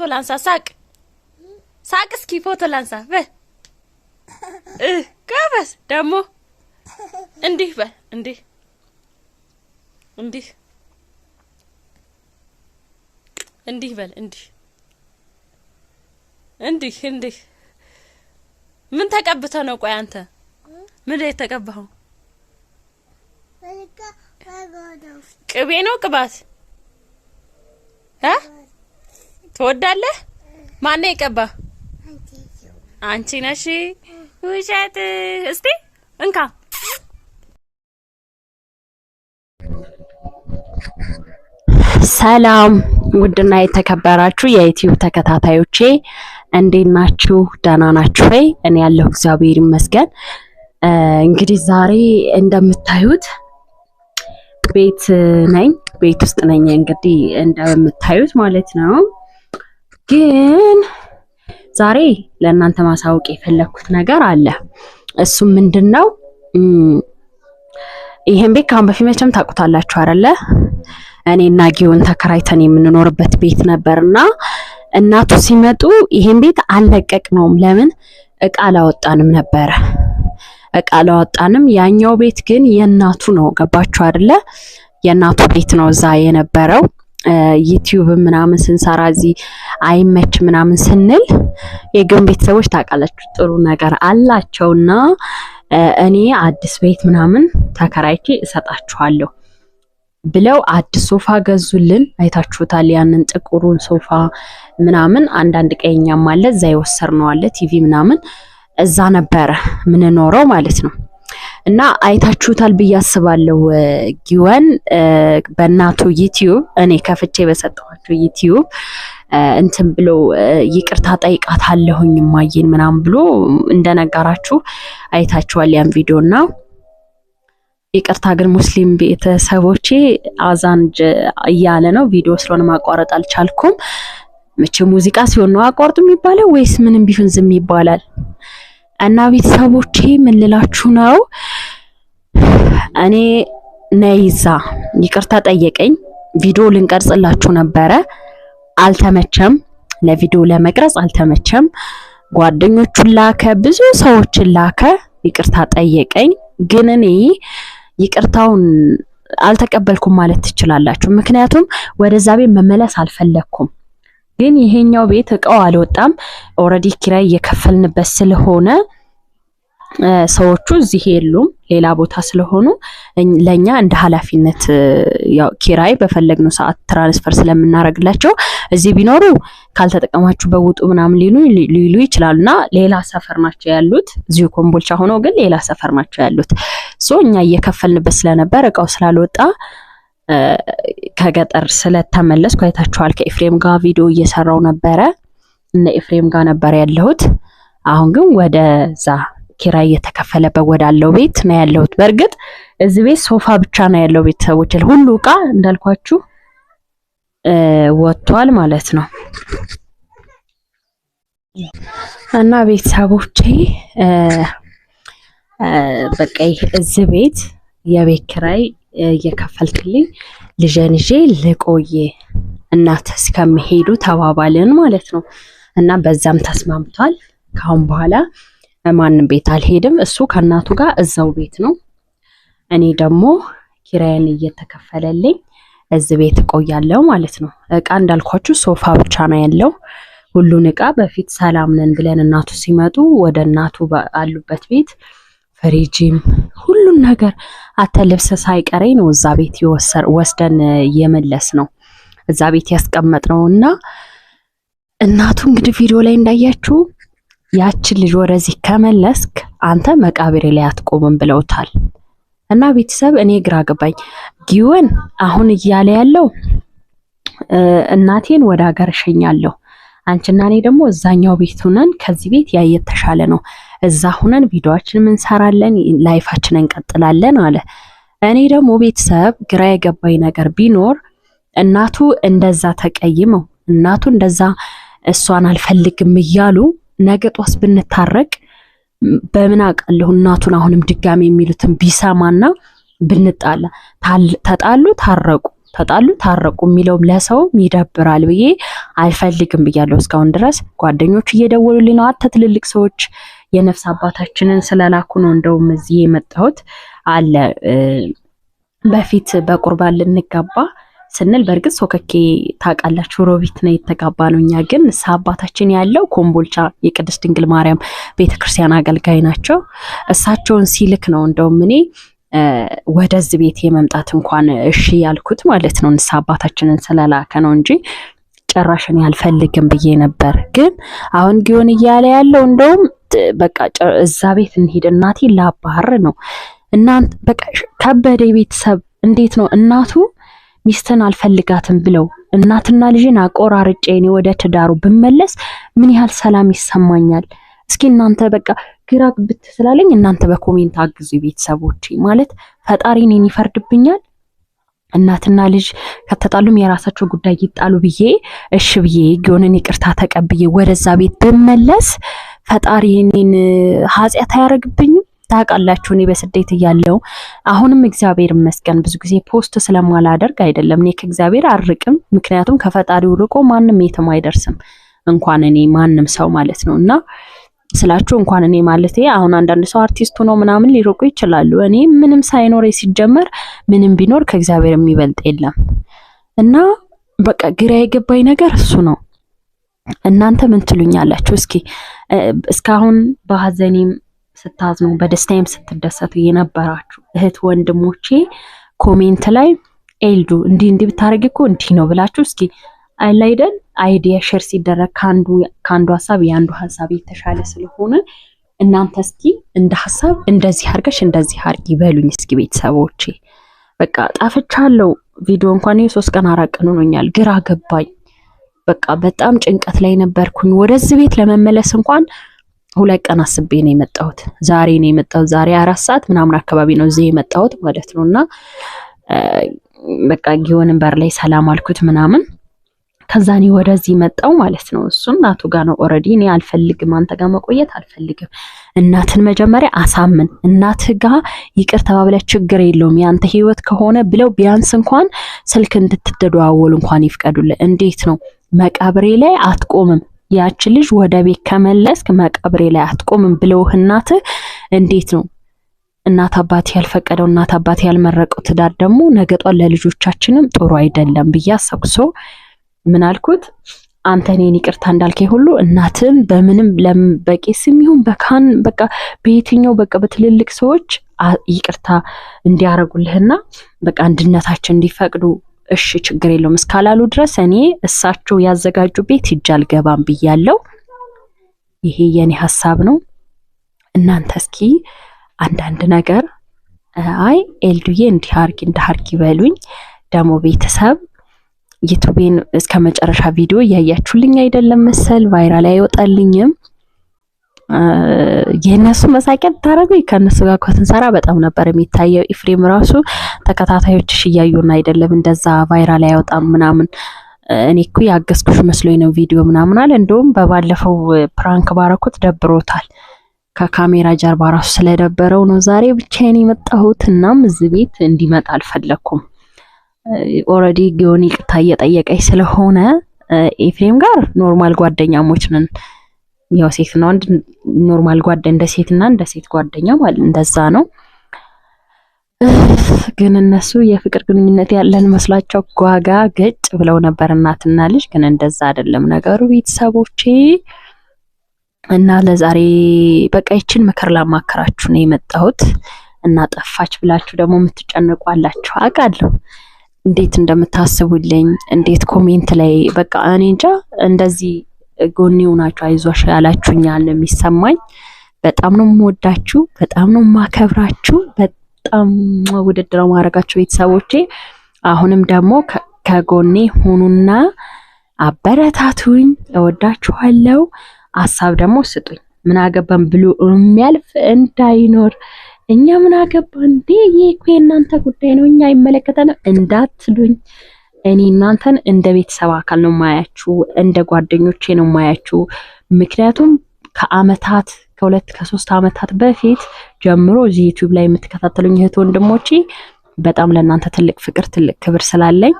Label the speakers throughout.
Speaker 1: ፎቶ ላንሳ። ሳቅ ሳቅ፣ እስኪ ፎቶ ላንሳ። በ ቀበስ ደግሞ እንዲህ በ እንዲህ እንዲህ እንዲህ በል፣ እንዲህ እንዲህ እንዲህ። ምን ተቀብተህ ነው? ቆይ አንተ ምን ላይ የተቀባኸው? ቅቤ ነው ቅባት አህ ትወዳለህ? ማን ነው የቀባ? አንቺ ነሽ። ውሸት። እስቲ እንካ ሰላም ውድና የተከበራችሁ የዩቲዩብ ተከታታዮቼ እንዴት ናችሁ? ደህና ናችሁ ወይ? እኔ ያለሁ እግዚአብሔር ይመስገን። እንግዲህ ዛሬ እንደምታዩት ቤት ነኝ፣ ቤት ውስጥ ነኝ። እንግዲህ እንደምታዩት ማለት ነው ግን ዛሬ ለእናንተ ማሳወቅ የፈለግኩት ነገር አለ። እሱም ምንድን ነው? ይሄን ቤት ከአሁን በፊት መቼም ታውቁታላችሁ አይደለ? እኔና ጊዮን ተከራይተን የምንኖርበት ቤት ነበር እና እናቱ ሲመጡ ይሄን ቤት አልለቀቅነውም። ለምን እቃ አላወጣንም ነበረ እቃ አላወጣንም። ያኛው ቤት ግን የእናቱ ነው። ገባችሁ አይደለ? የእናቱ ቤት ነው እዛ የነበረው ዩቲዩብ ምናምን ስንሰራ እዚህ አይመች ምናምን ስንል የግን ቤተሰቦች ታውቃላችሁ ጥሩ ነገር አላቸውና እኔ አዲስ ቤት ምናምን ተከራይቼ እሰጣችኋለሁ ብለው አዲስ ሶፋ ገዙልን። አይታችሁታል ያንን ጥቁሩን ሶፋ ምናምን። አንዳንድ ቀይኛም አለ እዛ የወሰድነው አለ ቲቪ ምናምን እዛ ነበረ ምንኖረው ማለት ነው። እና አይታችሁታል ብዬ አስባለሁ። ጊወን በእናቱ ዩቲዩብ እኔ ከፍቼ በሰጠኋቸው ዩቲዩብ እንትን ብሎ ይቅርታ ጠይቃት አለሁኝ ማየን ምናምን ብሎ እንደነገራችሁ አይታችኋል ያን ቪዲዮ እና ይቅርታ ግን ሙስሊም ቤተሰቦቼ አዛን እያለ ነው ቪዲዮ ስለሆነ ማቋረጥ አልቻልኩም። መቼ ሙዚቃ ሲሆን ነው አቋርጡ የሚባለው ወይስ ምንም ቢሆን ዝም ይባላል? እና ቤተሰቦቼ ምን ነው፣ እኔ ነይዛ ይቅርታ ጠየቀኝ። ቪዲዮ ልንቀርጽላችሁ ነበረ፣ አልተመቸም። ለቪዲዮ ለመቅረጽ አልተመቸም። ጓደኞቹን ላከ፣ ብዙ ሰዎችን ላከ፣ ይቅርታ ጠየቀኝ። ግን እኔ ይቅርታውን አልተቀበልኩም ማለት ትችላላችሁ። ምክንያቱም ወደዛ ቤት መመለስ አልፈለግኩም። ግን ይሄኛው ቤት እቃው አልወጣም። ኦልሬዲ ኪራይ እየከፈልንበት ስለሆነ ሰዎቹ እዚህ የሉም፣ ሌላ ቦታ ስለሆኑ ለእኛ እንደ ኃላፊነት ኪራይ በፈለግነው ሰዓት ትራንስፈር ስለምናደርግላቸው እዚህ ቢኖሩ ካልተጠቀማችሁ በውጡ ምናምን ሊሉ ሊሉ ይችላሉ። እና ሌላ ሰፈር ናቸው ያሉት እዚሁ ኮምቦልቻ ሆኖ ግን ሌላ ሰፈር ናቸው ያሉት። ሶ እኛ እየከፈልንበት ስለነበር እቃው ስላልወጣ ከገጠር ስለተመለስኩ አይታችኋል። ከኤፍሬም ጋር ቪዲዮ እየሰራው ነበረ እነ ኤፍሬም ጋር ነበር ያለሁት። አሁን ግን ወደዛ ኪራይ እየተከፈለበት ወዳለው ቤት ነው ያለሁት። በእርግጥ እዚህ ቤት ሶፋ ብቻ ነው ያለው። ቤተሰቦች ሁሉ እቃ እንዳልኳችሁ ወጥቷል ማለት ነው። እና ቤተሰቦቼ በቃ እዚህ ቤት የቤት ኪራይ እየከፈልክልኝ ልጄን ይዤ ልቆየ እናት እስከሚሄዱ ተባባልን ማለት ነው። እና በዛም ተስማምቷል። ካሁን በኋላ ማንም ቤት አልሄድም። እሱ ከእናቱ ጋር እዛው ቤት ነው። እኔ ደግሞ ኪራይን እየተከፈለልኝ እዚህ ቤት እቆያለሁ ማለት ነው። እቃ እንዳልኳችሁ ሶፋ ብቻ ነው ያለው። ሁሉን እቃ በፊት ሰላም ነን ብለን እናቱ ሲመጡ ወደ እናቱ አሉበት ቤት ፍሪጅም ሁሉን ነገር አተ ልብስ ሳይቀረኝ ነው እዛ ቤት ወስደን የመለስ ነው እዛ ቤት ያስቀመጥ ነው እና እናቱ እንግዲህ ቪዲዮ ላይ እንዳያችሁ ያችን ልጅ ወደዚህ ከመለስክ አንተ መቃብሬ ላይ አትቆምም ብለውታል። እና ቤተሰብ እኔ ግራ ገባኝ። ጊዮን አሁን እያለ ያለው እናቴን ወደ ሀገር እሸኛለሁ አንቺና እኔ ደግሞ እዛኛው ቤት ሁነን ከዚህ ቤት ያ የተሻለ ነው፣ እዛ ሁነን ቪዲዮአችንን እንሰራለን፣ ላይፋችን እንቀጥላለን አለ። እኔ ደግሞ ቤተሰብ ግራ የገባኝ ነገር ቢኖር እናቱ እንደዛ ተቀይመው እናቱ እንደዛ እሷን አልፈልግም እያሉ ነገ ጧስ ብንታረቅ በምን አውቃለሁ እናቱን አሁንም ድጋሚ የሚሉትን ቢሰማና ብንጣላ፣ ተጣሉ፣ ታረቁ ተጣሉ ታረቁ የሚለውም ለሰውም ይደብራል ብዬ አልፈልግም ብያለሁ። እስካሁን ድረስ ጓደኞቹ እየደወሉልኝ ነው። አተ ትልልቅ ሰዎች የነፍስ አባታችንን ስለላኩ ነው እንደውም እዚህ የመጣሁት አለ። በፊት በቁርባን ልንጋባ ስንል በእርግጥ ሶከኬ ታውቃላችሁ፣ ሮቢት ነው የተጋባ ነው። እኛ ግን ንስሐ አባታችን ያለው ኮምቦልቻ የቅድስት ድንግል ማርያም ቤተክርስቲያን አገልጋይ ናቸው። እሳቸውን ሲልክ ነው እንደውም እኔ ወደዚህ ቤት የመምጣት እንኳን እሺ ያልኩት ማለት ነው ንስሐ አባታችንን ስለላከ ነው እንጂ ጨራሽን ያልፈልግም ብዬ ነበር። ግን አሁን ጊዮን እያለ ያለው እንደውም በቃ እዛ ቤት እንሂድ እናቴ ላባር ነው እናንተ በቃ ከበደ ቤተሰብ እንዴት ነው እናቱ ሚስትን አልፈልጋትም ብለው እናትና ልጅን አቆራርጬ እኔ ወደ ትዳሩ ብመለስ ምን ያህል ሰላም ይሰማኛል? እስኪ እናንተ በቃ ግራ ግብት ስላለኝ እናንተ በኮሜንት አግዙ ቤተሰቦች። ማለት ፈጣሪ እኔን ይፈርድብኛል እናትና ልጅ ከተጣሉም የራሳቸው ጉዳይ ይጣሉ ብዬ እሺ ብዬ ጊዮንን ይቅርታ ተቀብዬ ወደዛ ቤት ብመለስ ፈጣሪ እኔን ኃጢአት አያደርግብኝም? ታውቃላችሁ እኔ በስደት እያለው አሁንም እግዚአብሔር ይመስገን ብዙ ጊዜ ፖስት ስለማላደርግ አይደለም፣ እኔ ከእግዚአብሔር አርቅም። ምክንያቱም ከፈጣሪው ርቆ ማንም የትም አይደርስም፣ እንኳን እኔ ማንም ሰው ማለት ነው እና ስላችሁ እንኳን እኔ ማለቴ አሁን አንዳንድ ሰው አርቲስቱ ነው ምናምን ሊርቁ ይችላሉ። እኔ ምንም ሳይኖር ሲጀመር ምንም ቢኖር ከእግዚአብሔር የሚበልጥ የለም እና በቃ ግራ የገባኝ ነገር እሱ ነው። እናንተ ምን ትሉኛላችሁ? እስኪ እስካሁን በሀዘኔም ስታዝኑ በደስታዬም ስትደሰቱ የነበራችሁ እህት ወንድሞቼ ኮሜንት ላይ ኤልዱ እንዲህ እንዲህ ብታደርግ እኮ እንዲህ ነው ብላችሁ እስኪ አይላይደን አይዲያ ሼር ሲደረግ ከአንዱ ሀሳብ የአንዱ ሀሳብ የተሻለ ስለሆነ እናንተ እስኪ እንደ ሀሳብ እንደዚህ አርገሽ እንደዚህ አርጊ በሉኝ እስኪ ቤተሰቦቼ። በቃ ጣፍቻለሁ። ቪዲዮ እንኳን የሶስት ቀን አራት ቀን ሆኖኛል። ግራ ገባኝ። በቃ በጣም ጭንቀት ላይ ነበርኩኝ። ወደዚህ ቤት ለመመለስ እንኳን ሁለት ቀን አስቤ ነው የመጣሁት። ዛሬ ነው የመጣሁት። ዛሬ አራት ሰዓት ምናምን አካባቢ ነው እዚህ የመጣሁት ማለት ነው። እና በቃ ጊዮንን በር ላይ ሰላም አልኩት ምናምን ከዛ እኔ ወደዚህ መጣው ማለት ነው። እሱ እናቱ ጋር ነው ኦልሬዲ። እኔ አልፈልግም፣ አንተ ጋር መቆየት አልፈልግም። እናትን መጀመሪያ አሳምን። እናትህ ጋር ይቅር ተባብለ ችግር የለውም ያንተ ህይወት ከሆነ ብለው ቢያንስ እንኳን ስልክ እንድትደዋወሉ እንኳን ይፍቀዱልህ። እንዴት ነው መቃብሬ ላይ አትቆምም ያች ልጅ ወደ ቤት ከመለስክ መቃብሬ ላይ አትቆምም ብለውህ እናትህ እንዴት ነው እናት አባት ያልፈቀደው እናት አባት ያልመረቀው ትዳር ደግሞ ነገጧን ለልጆቻችንም ጥሩ አይደለም ብዬ አሰብኩ። ምን አልኩት? አንተ እኔን ይቅርታ እንዳልከኝ ሁሉ እናትም በምንም በቄስም ይሁን በካን በቃ በየትኛው በቃ በትልልቅ ሰዎች ይቅርታ እንዲያረጉልህና በቃ አንድነታችን እንዲፈቅዱ እሺ ችግር የለውም እስካላሉ ድረስ እኔ እሳቸው ያዘጋጁ ቤት ሂጅ አልገባም ብያለው። ይሄ የኔ ሀሳብ ነው። እናንተ እስኪ አንዳንድ ነገር አይ ኤልዱዬ እንዲህ አርጊ እንዲህ አርጊ በሉኝ። ደግሞ ቤተሰብ ዩቱቤን እስከ መጨረሻ ቪዲዮ እያያችሁልኝ አይደለም መሰል ቫይራል አይወጣልኝም። የእነሱ መሳቂያ ብታረጉ ከእነሱ ጋር እኮ በጣም ነበር የሚታየው። ኢፍሬም ራሱ ተከታታዮችሽ እያዩን አይደለም እንደዛ ቫይራል አይወጣም ምናምን እኔ እኮ ያገዝኩሽ መስሎኝ ነው ቪዲዮ ምናምን አለ። እንደውም በባለፈው ፕራንክ ባረኩት ደብሮታል። ከካሜራ ጀርባ ራሱ ስለደበረው ነው ዛሬ ብቻዬን የመጣሁት። እናም እዚህ ቤት እንዲመጣ አልፈለኩም። ኦልሬዲ ጊዮን ይቅርታ እየጠየቀች ስለሆነ ኤፍሬም ጋር ኖርማል ጓደኛሞች ነን። ያው ሴት ነው አንድ ኖርማል ጓደ እንደ ሴትና እንደ ሴት ጓደኛ ማለት እንደዛ ነው። ግን እነሱ የፍቅር ግንኙነት ያለን መስሏቸው ጓጋ ገጭ ብለው ነበር እናትና ልጅ። ግን እንደዛ አይደለም ነገሩ ቤተሰቦቼ። እና ለዛሬ በቃ ይችን ምክር ላማከራችሁ ነው የመጣሁት። እና ጠፋች ብላችሁ ደግሞ የምትጨንቁ አላችሁ አውቃለሁ። እንዴት እንደምታስቡልኝ እንዴት ኮሜንት ላይ በቃ እኔ እንጃ እንደዚህ ጎን ናቸው አይዟሽ ያላችሁኛል ነው የሚሰማኝ። በጣም ነው የምወዳችሁ፣ በጣም ነው የማከብራችሁ፣ በጣም ውድድር ነው ማድረጋችሁ ቤተሰቦቼ። አሁንም ደግሞ ከጎኔ ሁኑና አበረታቱኝ። እወዳችኋለሁ። ሀሳብ ደግሞ ስጡኝ። ምን አገባን ብሎ የሚያልፍ እንዳይኖር እኛ ምን አገባ እንዴ? ይሄ እኮ የእናንተ ጉዳይ ነው፣ እኛ አይመለከተንም እንዳትሉኝ። እኔ እናንተን እንደ ቤተሰብ አካል ነው ማያችሁ፣ እንደ ጓደኞቼ ነው ማያችሁ። ምክንያቱም ከአመታት ከሁለት ከሶስት አመታት በፊት ጀምሮ እዚህ ዩቲዩብ ላይ የምትከታተሉኝ እህት ወንድሞቼ በጣም ለእናንተ ትልቅ ፍቅር ትልቅ ክብር ስላለኝ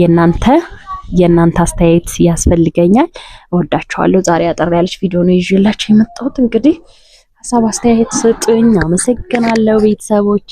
Speaker 1: የእናንተ የእናንተ አስተያየት ያስፈልገኛል። እወዳችኋለሁ። ዛሬ አጠር ያለች ቪዲዮ ነው ይዤላችሁ የመጣሁት እንግዲህ ሀሳብ አስተያየት ስጡኝ። አመሰግናለሁ ቤተሰቦች።